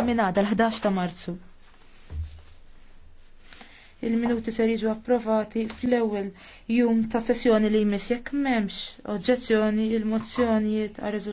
ta' minada l-11 ta' marzu. Il-minuti ser jiġu approvati fl-ewwel jum ta' sessjoni li jmiss jekk m'hemmx oġġezzjoni il-mozzjonijiet għal